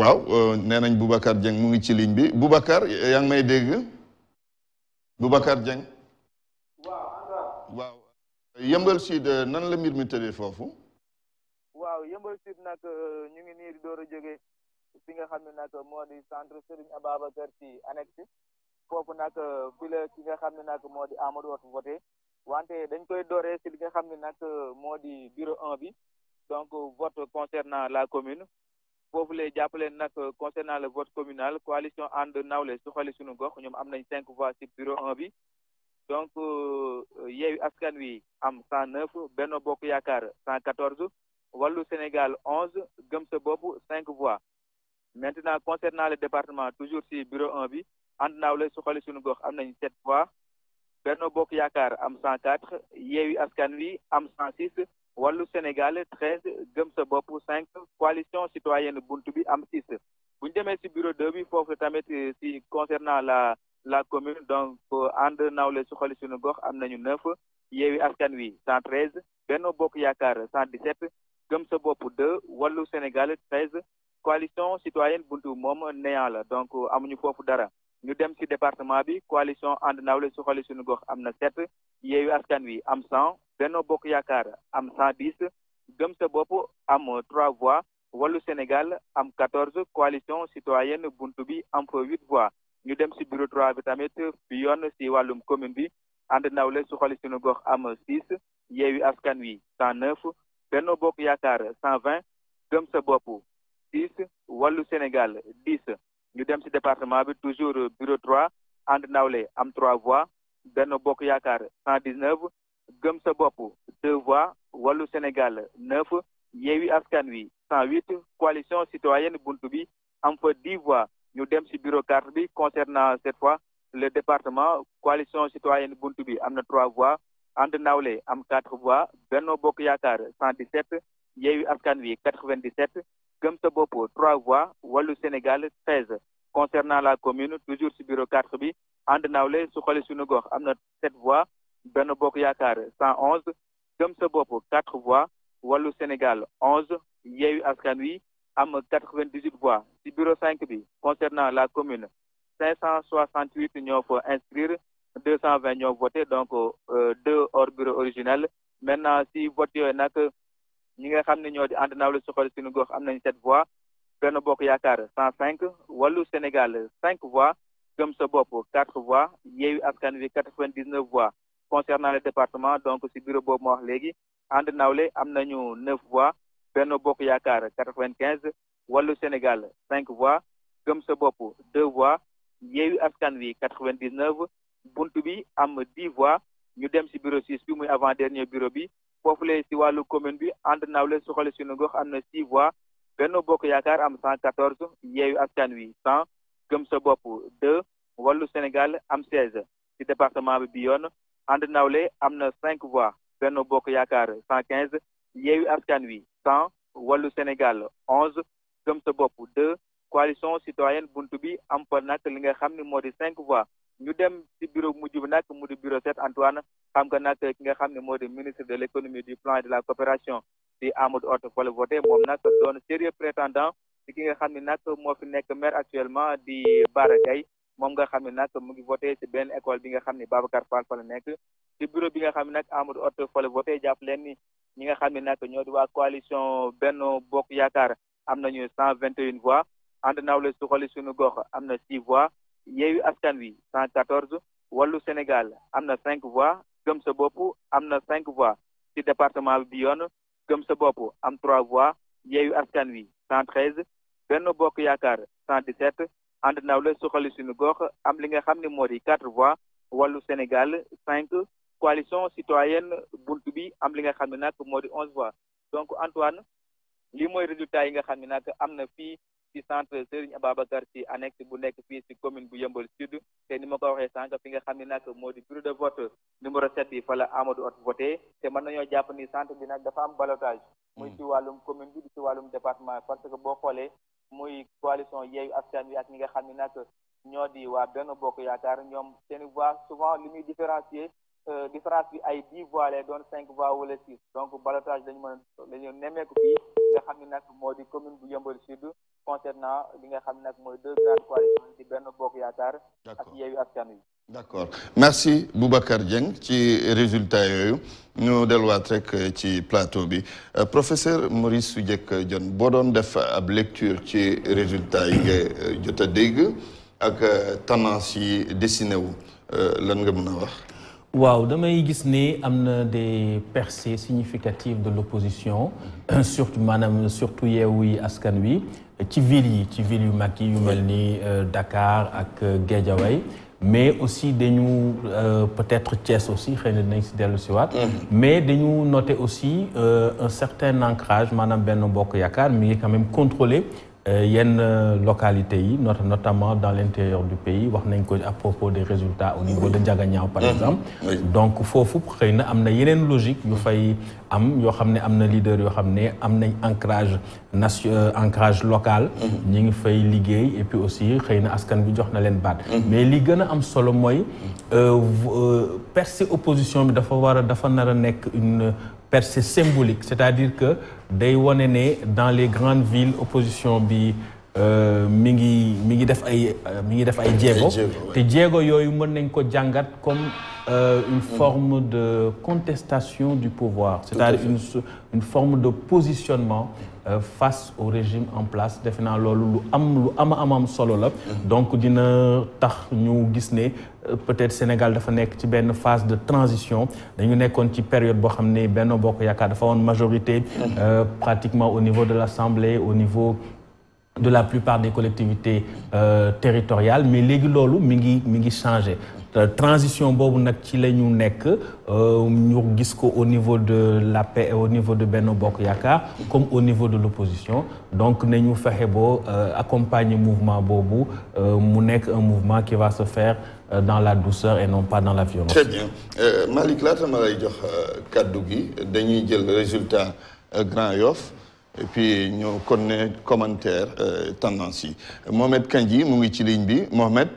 waaw euh, nee nañ Boubacar Dieng mu ngi ci ligne bi Boubacar yaa ngi may dégg Boubacar Dieng. waaw. waaw Sud euh, nan la mbir mi tëddee foofu. waaw Yeumbeul Sud nag euh, ñu ngi nii door a jege fi nga xam ne nag moo di centre Serigne Ababacar si annexe foofu nag fi la ki nga xam ne nag moo di Amadou Hott voté wante dañ koy dooree si li nga xam ne nag moo di bureau un bi donc vote concernant la commune. Pour vous rappeler, concernant le vote communal, la coalition Ande-Naule-Soukhali-Sounou-Gogh a amené 5 voix sur bureau 1B. Donc, Yéhu Askanwi a 109 voix, Bernobo 114 voix, Sénégal 11 voix, 5 voix. Maintenant, concernant le département, toujours sur bureau 1 b And naule soukhali sounou a 7 voix, Bernobo Kouyakar a 104 Yéhu Ascanoui, am 106 Wallou sénégal 13 gëm 5 coalition citoyenne buntu am 6 bu bureau de euh, concernant la commune donc euh, ànd nawle su xoli sunu gox 9 yeewi ascanoui 113 Benobok-Yakar, 117 gëm 2 Wallou sénégal 13 coalition citoyenne buntu Mom néant donc euh, amuñu foofu dara ñu si département coalition ànd nawle su xoli sunu gox 7 yeewi askan am 100 Benno Bokk Yaakaar am 110 Gëm sa bopp am 3 voix Wallu Sénégal am 14 coalition citoyenne buntu bi am fa 8 voix ñu dem si bureau 3 bi tamit bi yoon si wàllum commune bi ànd nawle su xoli sunu gox am 6 Yewwi Askan Wi 109 Benno Bokk Yaakaar 120 Gëm sa bopp 6 Wallu Sénégal 10 ñu dem si département bi toujours bureau 3 ànd nawle am 3 voix Benno Bokk Yaakaar 119 Gumsabopou, 2 voix, Walou Sénégal, 9. Yewi Afganwi, 108. Coalition citoyenne Bountoubi, en fait 10 voix. Nous sommes sur le bureau 4B concernant cette fois le département. Coalition citoyenne Bountoubi, on a 3 voix. Andenaoulé, on 4 voix. Beno Bokyatar, 117. Yewi Afganwi, 97. Gumsabopou, Bopo, 3 voix. Walou Sénégal, 16. Concernant la commune, toujours sur le bureau 4B. Andenaoulé, Sokholi Sounougor, on 7 voix. Ben Yakar 111 Gomsebo pour 4 voix Walou Sénégal 11 Yéhu Askan Wi am 98 voix Si bureau 5 b concernant la commune 568 ont pas inscrire 220 n'ont voté donc euh, deux hors bureau maintenant si vote yooyu nag ñi nga ñoo di 7 voix Ben Bok 105 Walou Sénégal 5 voix comme sa 4 voix Yehu Askan 99 voix concernant le département, donc si bureau Bob Mohlegi, André Naoulé, Amnanyou, 9 voix, Berno Bokyakar, 95, walou Sénégal, 5 voix, ce 2 voix, Yehu Afkanwi, 99, Buntubi, Am, 10 voix, sur le Bureau 6, puis avant-dernier bureau B, Pofle Siwalu Komenbi, André Naoulé, Sokole Sénégal, Am, 6 voix, Berno Bokyakar, Am, 114, Yehu Afkanwi, 100, ce 2, walou Sénégal, Am, 16, le département de Bionne, André Naoulet, amna 5 voix. Benno Bok Yakar, 115. Yehu Afkanoui, 100. Walou Sénégal, 11. Gomse Bopou, 2. Coalition citoyenne Buntubi, Amponat, 5 voix. Nous sommes le bureau Moudjibnak, Bureau 7, Antoine. Khamkanak, Linga Khamni, Modi, ministre de l'économie, du plan et de la coopération. Di Amadou Orte, pour le voter, donne sérieux prétendant. Si Linga Khamni, Nak, maire actuellement, du moom nga xam ne nag mu ngi voté ci benn école bi nga xam ne Babacar Fall fa la nekk ci bureau bi nga xam ne nag Amadou Hott fa la voté jàpp leen ni ñi nga xam ne nag ñoo di waa coalition benn Bokk Yaakaar am nañu cent vingt et une voix ànd nawle suxali suñu gox am na six voix yeewi askan wi cent quatorze wàllu Sénégal am na cinq voix gëm sa bopp am na cinq voix ci département bi yoon gëm sa bopp am trois voix yeewi askan wi cent treize Benno Bokk Yaakaar cent dix ànd nawle suxali suñu gox am li nga xam ne moo di quatre voix wàllu Sénégal cinq coalition citoyenne bunt bi am li nga xam ne nag moo di onze voix donc Antoine lii mooy résultat yi nga xam ne nag am na fii ci centre Serigne Ababacar Sy annexe bu nekk fii ci commune bu Yeumbeul Sud te ni ma ko waxee sànq fi nga xam ne nag moo di bureau de vote numéro sept bi fa la Amadou te mën nañoo jàpp ni centre bi nag dafa am ballottage muy ci wàllum commune bi di ci wàllum département parce que boo xoolee muy coalition Yewwi Askan Wi ak ñi nga xam ne nag ñoo di waa benn Bokk Yaakaar ñoom seen voix souvent li muy différencier euh, différence bi ay dix voix lay doon cinq voix wala six donc ballottage dañu mën a la ñu nemmeeku fii nga xam ne nag moo di commune bu Yeumbeul Sud concernant li nga xam nag mooy deux grandes coalitions di benn bokk yaakaar ak yeewu askan wi d' accord merci Boubacar Dieng ci résultat yooyu ñu delluwaat rek euh, ci plateau bi euh, professeur Maurice Soudieck Dione boo doon def ab lecture ci résultat yi nga euh, jot a dégg ak tendance yi dessiné wu lan nga mën a wax waaw damay gis ne am na des percées significatives de l' opposition mm-hmm. surtout maanaam surtout yeewu yi askan wi ci ville yi ci ville yu mag yu euh, Dakar ak euh, guédiaway mais aussi dañu euh, peut-être Thiès aussi xëy na dinañ si dellu si mm-hmm. mais dañu noter aussi un certain ancrage maanaam benn mbokk yaakaar mi quand même contrôlé il euh, y yenn une euh, yi notamment dans l'intérieur du pays wax nañ à propos des résultats au niveau de Ndiaganiao par mm-hmm. exemple donc il faut na y ait une logique yu fay am y ait un leader yoo xam ne am ancrage euh, ancrage local mm-hmm. ñi ngi fay liggéey et puis aussi xëy na askan bi jox na leen baat mm-hmm. mais li gën a am solo mooy percer opposition bi dafa war a dafa une percée symbolique c'est-à-dire que day wane né dans les grandes villes opposition bi euh, mi mingi mi def ay euh, mingi def ay jéego te jéego yoyu mën nañ ko jangat comme euh, une forme de contestation du pouvoir, c'est-à-dire une, une, forme de positionnement euh, face au régime en place defe lu am mhm. donc dina tax ñu euh, peut-être Sénégal dafa une ci phase de transition dañu y ci période Benno Bokk majorité. Mhm. pratiquement au niveau de l'Assemblée au niveau. de la plupart des collectivités territoriales mais l'Église loolu mi changé la euh, transition bobu nak ci la nek euh ñu gis ko au niveau de la paix et au niveau de Benno Bok Yaakaar comme au niveau de l'opposition donc nañu fexe boo euh, accompagner mouvement euh mu nek un mouvement qui va se faire euh, dans la douceur et non pas dans la violence. Très bien Malik laata ma lay jox kaddu gi dañuy jël résultat Grand Yoff et puis nous connaît commentaire tendance Mohamed Kandji mu ngi ci ligne bi Mohamed.